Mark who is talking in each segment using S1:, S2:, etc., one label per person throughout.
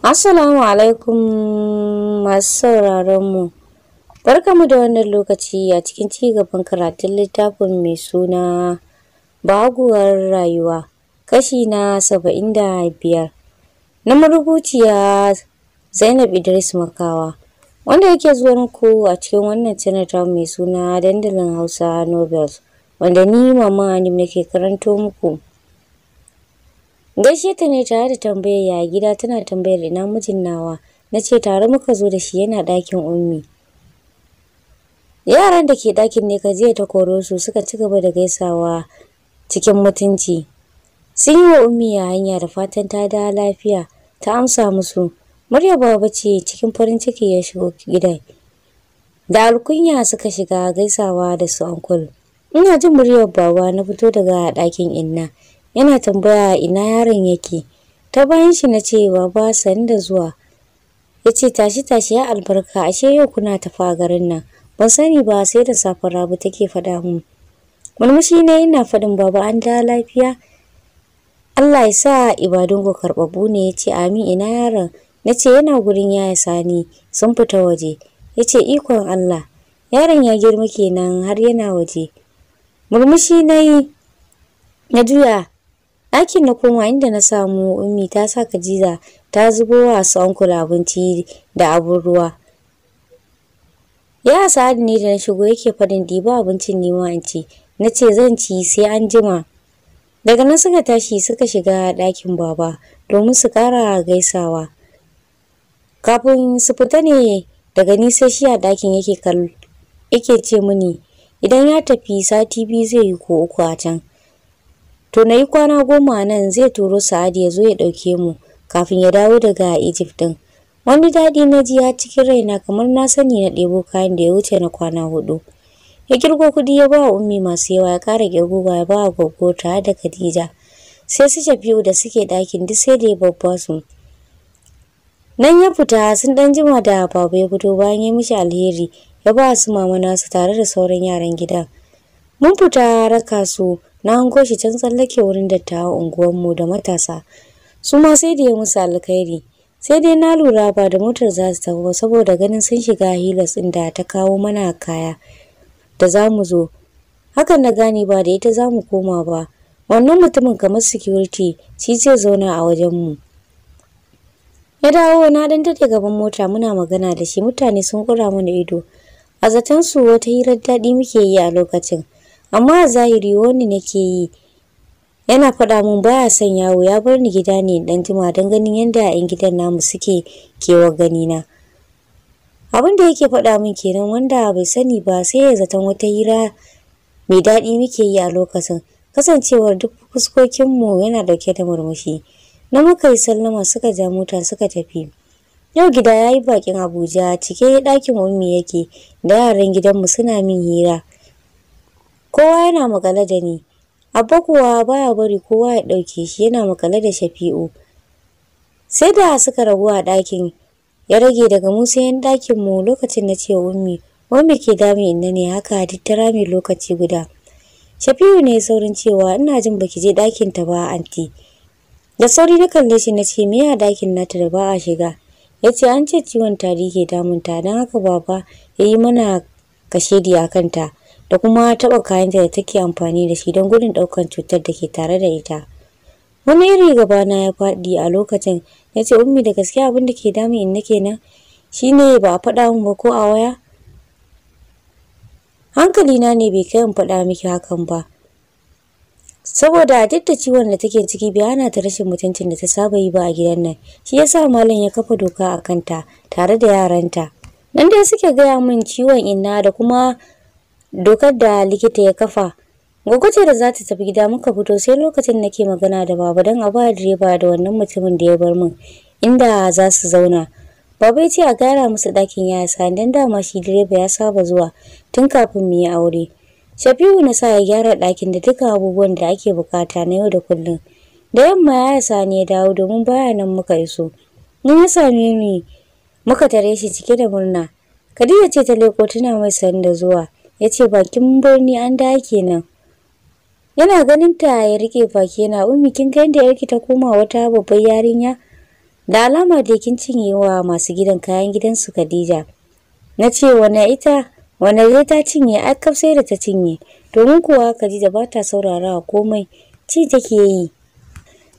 S1: Assalamu alaikum masu sauraron mu. Barkamu da wannan lokaci a cikin ci gaban karatun littafin mai suna Baguwar Rayuwa, kashi na saba'in da biyar. Na marubuciya Zainab Idris Makawa, wanda yake zuwa ku a cikin wannan cinata mai suna dandalin Hausa Novels, wanda ni mama nake karanto muku. Gaishe ta ne tare da tambayar ya gida tana tambayar ina mijin nawa. nace tare muka zo da shi yana ɗakin ummi. Yaran da ke ɗakin ne kajiya ta koro su suka ci gaba da gaisawa cikin mutunci. Sun yi wa ummi ya hanya da fatan ta da lafiya ta amsa musu. Murya baba ce cikin farin ciki ya shigo gidan. Da alkunya suka shiga gaisawa da su ankul. Ina jin muryar baba na fito daga ɗakin inna. yana tambaya ina yaron yake ta bayan shi na ce baba sani da zuwa ya ce tashi tashi ya albarka ashe yau kuna tafa garin nan ban sani ba sai da safin rabu take faɗa mun murmushi ne yana faɗin baba an da lafiya Allah ya sa ibadun ku ne ya ce amin ina yaron na ce yana gurin yaya sani sun fita waje ya ce ikon Allah yaron ya girma kenan har yana waje murmushi na yi na juya ɗakin na koma inda na samu ummi ta sa kajiza ta zubo wa su ankul abinci da abin ruwa ya sa'adu ne da na shigo yake faɗin diba abincin nema in ci na ce zan ci sai an jima daga nan suka tashi suka shiga ɗakin baba domin su ƙara gaisawa kafin su fita ne daga nisa shi a ɗakin yake kallo yake ce mini idan ya tafi sati biyu zai yi ko uku a can to na yi kwana goma nan zai turo sa'ad ya zo ya ɗauke mu kafin ya dawo daga egypt ɗin wani daɗi na ji ya cikin raina kamar na sani na ɗebo kayan da ya wuce na kwana hudu ya kirgo kuɗi ya ba ummi masu yawa ya ƙara kirgo ba ya ba wa gogo tare da khadija sai su shafi'u da suke ɗakin duk sai da ya babba su nan ya fita sun ɗan jima da babu ya fito bayan ya mishi alheri ya ba su mama nasu tare da sauran yaran gida mun fita raka su na hango shi can tsallake wurin dattawa unguwanmu da matasa su ma sai da ya musu alkhairi sai dai na lura ba da motar za su tafi ba saboda ganin sun shiga hilas ɗin da ta kawo mana kaya da za mu zo hakan na gane ba da ita za mu koma ba wannan mutumin kamar security shi zai zauna a wajenmu ya dawo na dan dade gaban mota muna magana da shi mutane sun kura mana ido a zaton su wata hirar daɗi muke yi a lokacin amma a zahiri wani nake yi yana faɗa min baya son yawo ya bar ni gida ne dan jima don ganin yadda 'yan gidan namu suke kewa gani na. abin da yake faɗa min kenan wanda bai sani ba sai ya zaton wata hira mai daɗi muke yi a lokacin kasancewar duk fuskokinmu yana dauke da murmushi na muka yi sallama suka ja mota suka tafi yau gida ya yi bakin abuja cike ɗakin ummi yake da yaran gidanmu suna min hira kowa yana makale da ni abba kuwa baya bari kowa ya ɗauke shi yana makale da shafi'u sai da suka rabu a ɗakin ya rage daga musa yan ɗakin mu lokacin na ce ummi Wani ke dami inna ne haka duk ta rami lokaci guda shafi'u ne saurin cewa ina jin baki je ɗakin ta ba anti da sauri na kalle shi na ce me ya ɗakin nata da ba a shiga ya ce an ce ciwon tari ke damunta don haka baba ya yi mana kashedi a kanta da kuma taɓa kayanta da take amfani da shi don gudun ɗaukan cutar da ke tare da ita. Wani iri gaba na ya faɗi a lokacin ya ce ummi da gaskiya abin da ke dami in nake nan shi ba a faɗa min ba ko a waya. Hankali na ne bai kai in faɗa miki hakan ba. Saboda duk da ciwon da take ciki bai hana ta rashin mutuncin da ta saba yi ba a gidan nan, shi yasa malam ya kafa doka a kanta tare da yaranta. Nan dai suke gaya min ciwon inna da kuma dokar da likita ya kafa ce da za ta tafi gida muka fito sai lokacin nake magana da baba don a ba direba da wannan mutumin da ya bar min inda za su zauna baba ya ce a gara musu ɗakin ya sa don dama shi direba ya saba zuwa tun kafin mu yi aure shafiu na sa ya gyara ɗakin da duka abubuwan da ake bukata na yau da kullum da yamma ya yi sani ya dawo domin baya nan muka iso mun ya same ni muka tare shi cike da murna Khadija ce ta leko tana mai sani da zuwa ya ce bakin birni an da nan. yana ganin ta ya rike baki yana ummi kin ga inda yake ta koma wata babbar yarinya da alama da kin cinye masu gidan kayan gidansu Khadija na ce Wani ita Wani zai ta cinye a kaf da ta cinye domin kuwa Khadija ba ta saurarawa komai ci take yi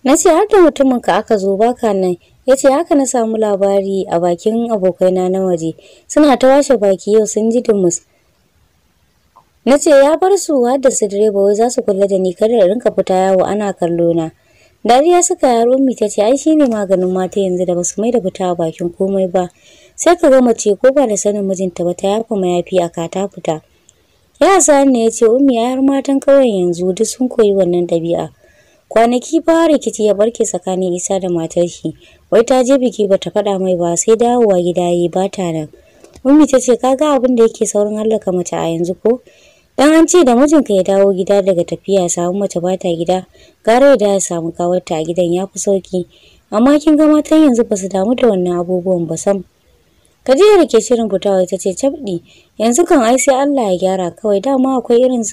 S1: na ce har da mutumin ka aka zo baka nan ya ce haka na samu labari a bakin abokaina na waje suna ta washe baki yau sun ji dumus Na ce ya bar su da su direba wai za su kula da ni kada da rinka fita yawo ana kallo na. Dariya suka yaro mi ta ce ai shine maganin mata yanzu da basu mai da fita bakin komai ba. Sai ka ga mace ko ba da sanin mijinta ba ta yafa mayafi a kata fita. Ya san ne ya ce ummi har matan ƙauyen yanzu duk sun koyi wannan ɗabi'a. Kwanaki fa rikici ya barke tsakanin Isa da matar shi. Wai ta je biki bata faɗa mai ba sai dawowa gida yi ba ta nan. Ummi ta ce kaga abin da yake saurin hallaka mace a yanzu ko? Dan an ce da mijinka ya dawo gida daga tafiya samu mace ba ta gida, gara da ya samu kawarta a gidan ya fi sauki. Amma kin ga matan yanzu ba su damu da wannan abubuwan ba sam. kadija da ke shirin fitawa ita ce cabɗi, yanzu kan ai sai Allah ya gyara kawai dama akwai irin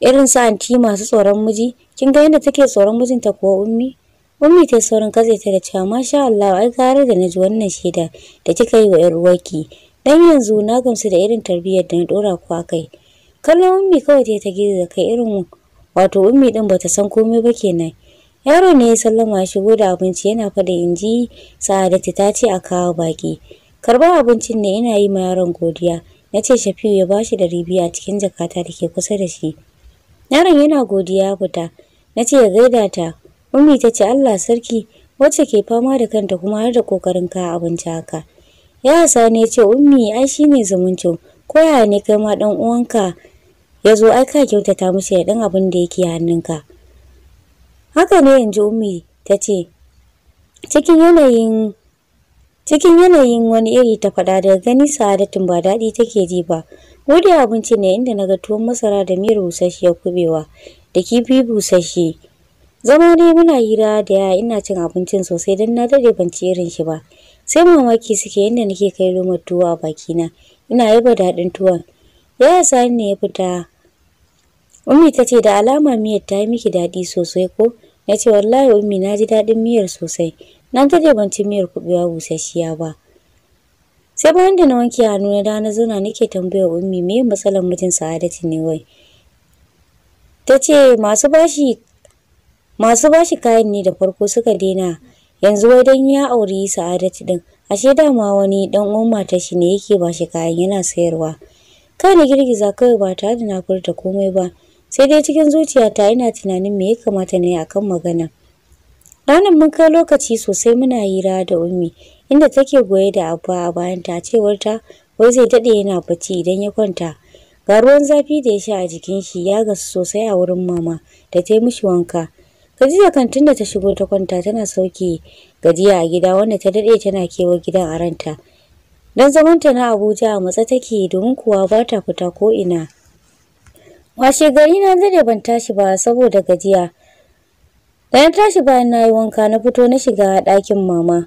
S1: irin su anti masu tsoron miji, kin ga yadda take tsoron mijinta kuwa ummi. Ummi ta saurin katse ta da cewa masha Allah ai gara da ji wannan shaida da kika yi wa 'yar uwarki. Dan yanzu na gamsu da irin tarbiyyar da na dora ku akai. kallon ummi kawai ta ta gida da kai irin wato ummi din ta san komai ba kenan yaro ne ya sallama shigo da abinci yana fada ji sa'adatu ta ce a kawo baki karbar abincin ne ina yi ma yaron godiya na ce shafiu ya bashi da a cikin jakata da ke kusa da shi yaron yana godiya ya fita na ce ya gaida ta ummi ta ce allah sarki wacce ke fama da kanta kuma har da kokarin ka abinci haka ya Sani ya ce ummi ai shine zumuncin koya ne kai ma dan uwanka ya zo ai ka kyautata musu ya ɗan abin da yake hannunka haka ne yanzu ummi ta ce cikin yanayin wani iri ta faɗa da gani sa'adatin ba daɗi take ji ba wuri abinci ne inda na ga tuwon masara da miyar ya kubewa da kifi busasshe zama dai muna hira da yaya ina cin abincin sosai don na dade ban ci irin shi ba sai mamaki suke yadda nake kai lomar tuwo a bakina ina yaba daɗin tuwon yaya sani ne ya fita ummi ta ce da alama miyar ta yi miki daɗi sosai ko na ce wallahi ummi na ji daɗin miyar sosai na daɗe ban ci miyar kuɓewa busasshiya ba sai bayan da na wanke hannu na da na zauna nake tambayar ummi me matsalar mijin sa'adatu ne wai ta ce masu bashi masu bashi kayan ne da farko suka daina yanzu wai dan ya auri sa'adatu din ashe dama wani dan uwan matar shi ne yake bashi kayan yana sayarwa kai na girgiza kai ba tare da na komai ba sai dai cikin zuciyata ina tunanin me ya kamata na yi kan magana ranar mun kai lokaci sosai muna hira da ummi inda take goye da abba a bayan ta cewar ta wai zai dade yana bacci idan ya kwanta ga ruwan zafi da ya sha a jikin shi ya gasu sosai a wurin mama da ta yi mishi wanka Khadija kantin da ta shigo ta kwanta tana sauke gajiya a gida wanda ta dade tana kewa gidan a ranta. Don zamanta na Abuja a matsa take domin kuwa ba ta fita ko ina. Washe gari na dare ban tashi ba saboda gajiya. Da na tashi bayan na yi wanka na fito na shiga ɗakin mama.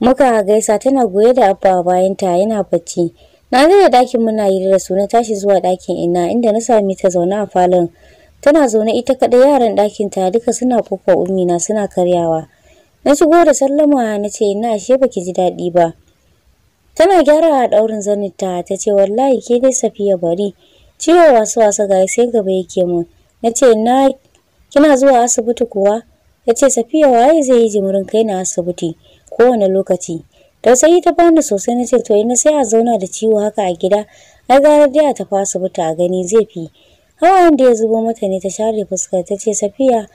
S1: Muka gaisa tana goye da abba bayanta yana bacci. Na zai ɗakin muna yi da su na tashi zuwa ɗakin ina inda na sami ta zaune a falon. Tana zaune ita kaɗai yaran ɗakin ta duka suna kofa na suna karyawa. Na shigo da sallama na ce ina ashe baki ji daɗi ba. Tana gyara a ɗaurin zaninta ta ce wallahi ke dai Safiya bari. Ciwo wasu wasa ga sai gaba yake mun. Na ce na kina zuwa asibiti kuwa? Ta ce Safiya waye zai yi jimirin kai na asibiti kowane lokaci. Tausayi ta bani sosai na ce to ina sai a zauna da ciwo haka a gida. Ai gara dai a tafi asibiti a gani zai fi. Hawayen wanda ya zubo mata ne ta share fuska ta ce Safiya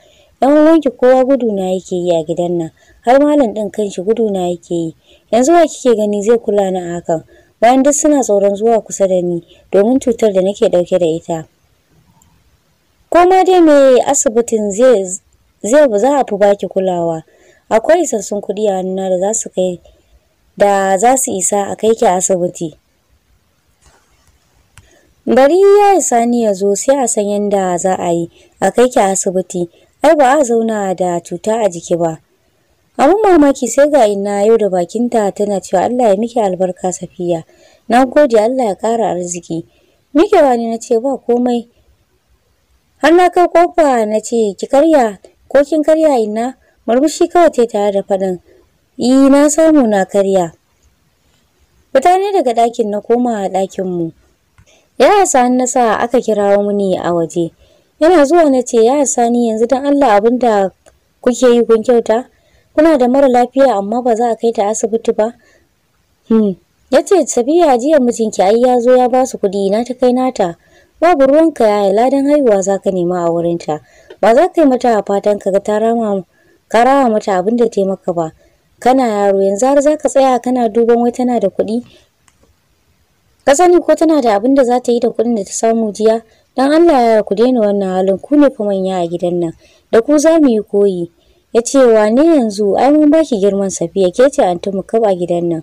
S1: 'yan wanki kowa gudu na yake yi a gidan nan. har malam ɗin kanshi gudu na yake yi yanzu wa kike gani zai kula ni a hakan bayan duk suna tsoron zuwa kusa da ni domin cutar da nake ɗauke da ita ko ma dai me asibitin zai zai za a fi baki kulawa akwai isassun kuɗi a hannuna da za su kai da za su isa a kai ki asibiti bari ya isa ni ya zo sai a san yadda za a yi a kai ki asibiti ai ba a zauna da cuta a jiki ba abun mamaki sai ga ina yau da bakinta tana cewa Allah ya miki albarka Safiya. Na gode Allah ya ƙara arziki. Miki wani na ce ba komai. Har na kai kofa na ce ki karya ko kin karya ina murmushi kawai ta tare da faɗin. I na samu na karya. Fita ne daga ɗakin na koma ɗakin mu. Ya sa na sa aka kirawo muni a waje. Yana zuwa na ce ya Sani yanzu don Allah abin da kuke yi kun kyauta. kuna da mara lafiya amma ba za a kai ta asibiti ba hmm ya sabiya jiya mijinki ai ya zo ya ba su kuɗi na ta kai nata babu ruwanka yaya ladan haihuwa za ka nema a wurin ta ba za ka yi mata fatan ka ga ta mata abin da ta maka ba kana yaro yanzu har za ka tsaya kana duban wai tana da kuɗi ka sani ko tana da abin da za ta yi da kuɗin da ta samu jiya don allah ya ku daina wannan halin ku ne fa manya a gidan nan da ku za mu yi koyi ya ce wane yanzu ai mun baki girman safiya ke ce anti mu a gidan nan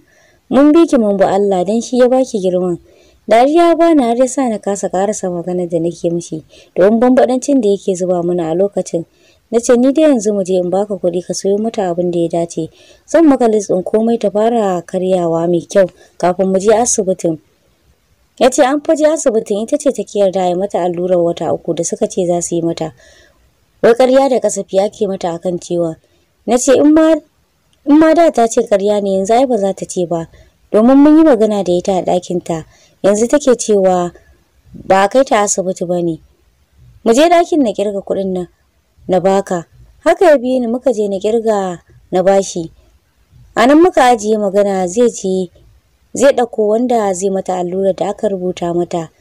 S1: mun biki mun bi Allah dan shi ya baki girman dariya ba na har sa na kasa karasa magana da nake mishi domin bambadancin da yake zuba mana a lokacin na ce ni dai yanzu mu je in baka kuɗi ka sayo mata abin da ya dace zan maka lissin komai ta fara karyawa mai kyau kafin mu je asibitin ya ce an faje asibitin ita ce take yarda ya mata allurar wata uku da suka ce za su yi mata wai karya da kasafi ake mata akan cewa na ce in ma da ta ce karya ne yanzu ai ba za ta ce ba domin mun yi magana da ita a ɗakinta yanzu take cewa ba a kai ta asibiti ba ne mu je ɗakin na kirga kuɗin nan na baka haka ya biyu ni muka je na kirga na bashi a nan muka ajiye magana zai ce zai ɗauko wanda zai mata allura da aka rubuta mata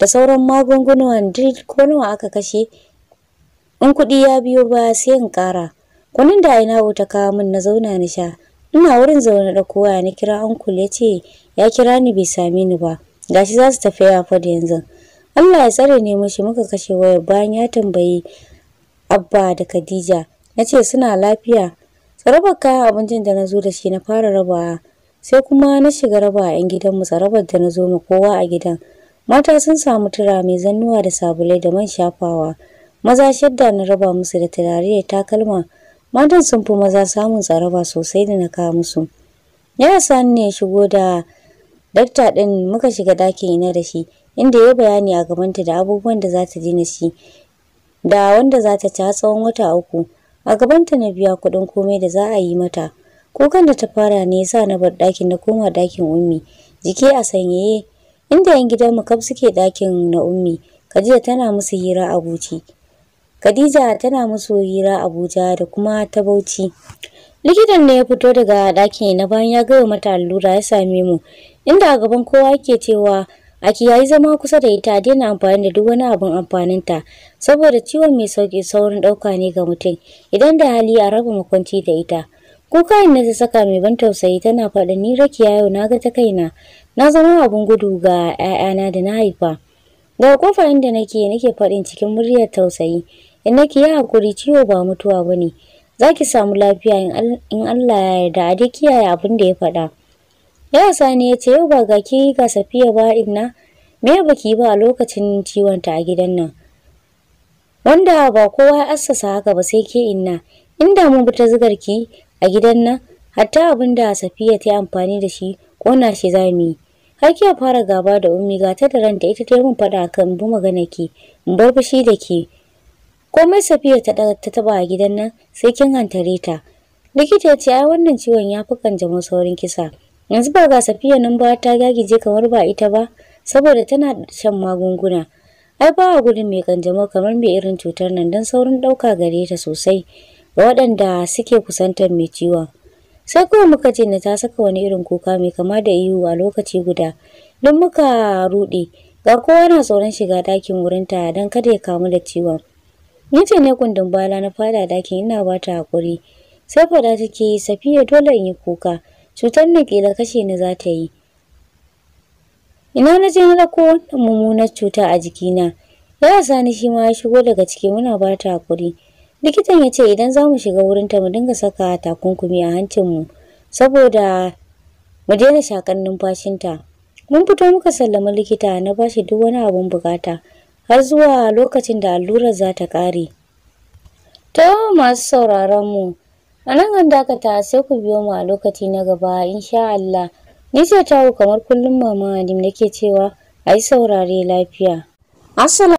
S1: da sauran magungunan duk ko nawa aka kashe in kuɗi ya biyo ba sai in ƙara kunin da ina ta kawo min na zauna na sha ina wurin zaune da kowa na kira ankul ya ce ya kira ni bai same ni ba gashi za su tafi yafa da yanzu Allah ya tsare ne mushi muka kashe wayar bayan ya tambayi abba da khadija na ce suna lafiya tsarabar kayan abincin da na zo da shi na fara rabawa sai kuma na shiga raba a 'yan gidanmu tsarabar da na zo ma kowa a gidan mata sun samu tura mai zannuwa da sabulai da man shafawa maza shidda na raba musu da turare da takalma matan sun fi maza samun tsaraba sosai da na kawo musu yara sani ne ya shigo da dakta ɗin muka shiga ɗakin ina da shi inda ya bayani a gabanta da abubuwan da za ta ji na shi da wanda za ta ci har tsawon wata uku a gabanta na biya kuɗin komai da za a yi mata kukan da ta fara ne sa na bar ɗakin na koma ɗakin ummi jiki a sanyaye inda yan gidan mu kaf suke ɗakin na ummi kajiya tana musu hira a buci Khadija tana musu hira Abuja da kuma ta Bauchi. Likitan da ya fito daga ɗaki na bayan ya gaya mata allura ya same mu, inda a gaban kowa yake cewa Aki yayi zama kusa da ita daina amfani da duk wani abin amfaninta saboda ciwon mai sauki saurin ɗauka ne ga mutum idan da hali a raba makwanci da ita. Kuka ne ta saka mai ban tausayi tana faɗa ni rakiya yau na ga ta kaina na zama abin gudu ga 'ya'yana da na haifa. Daga kofa inda nake nake faɗin cikin muryar tausayi Inna ki yi hakuri ciwo ba mutuwa ba ne. Za ki samu lafiya in Allah ya yarda a dai kiyaye abin da ya faɗa. Yawa Sani ya ce yau ba ga ki ga Safiya ba inna me ba ki ba a lokacin ciwon ta a gidan nan. Wanda ba kowa ya assasa haka ba sai ke inna. Inda da ta zigar ki a gidan nan hatta abin da Safiya ta yi amfani da shi na shi za mu yi. har kiya fara gaba da ummi ga ta da ranta ita ta yi mun faɗa kan bi magana ki in bar fushi da ki komai safiya ta ta taba a gidan nan sai kin hantare ta likita ce ai wannan ciwon ya fi kanjamau saurin kisa yanzu ba ga safiya nan ba ta gagije kamar ba ita ba saboda tana shan magunguna ai ba a gudun mai kanjamau kamar mai irin cutar nan don saurin ɗauka gare ta sosai ga waɗanda suke kusantar mai ciwon sai kuma muka ce na ta saka wani irin kuka mai kama da ihu a lokaci guda don muka ruɗe ga kowa na tsoron shiga ɗakin wurinta don kada ya kamu da ciwon Ni ce ne kundin bala na fada dakin ina ba ta haƙuri. Sai fada take yi safiya dole in yi kuka. Cutar na kila kashe ni za ta yi. Ina na je na ɗauko mummunar cuta a jikina. Ya sani shi ma ya shigo daga ciki muna ba ta haƙuri. Likitan ya ce idan za mu shiga ta mu dinga saka takunkumi a hancinmu saboda mu daina shakar numfashinta. Mun fito muka sallami likita na bashi duk wani abun bukata. har zuwa lokacin da allurar za ta ƙare. To masu sauraron mu, a nan an dakata sai ku biyo mu a lokaci na gaba insha Allah. Ni ce tawo kamar kullum mama Adim nake cewa a yi saurare lafiya. Assalamu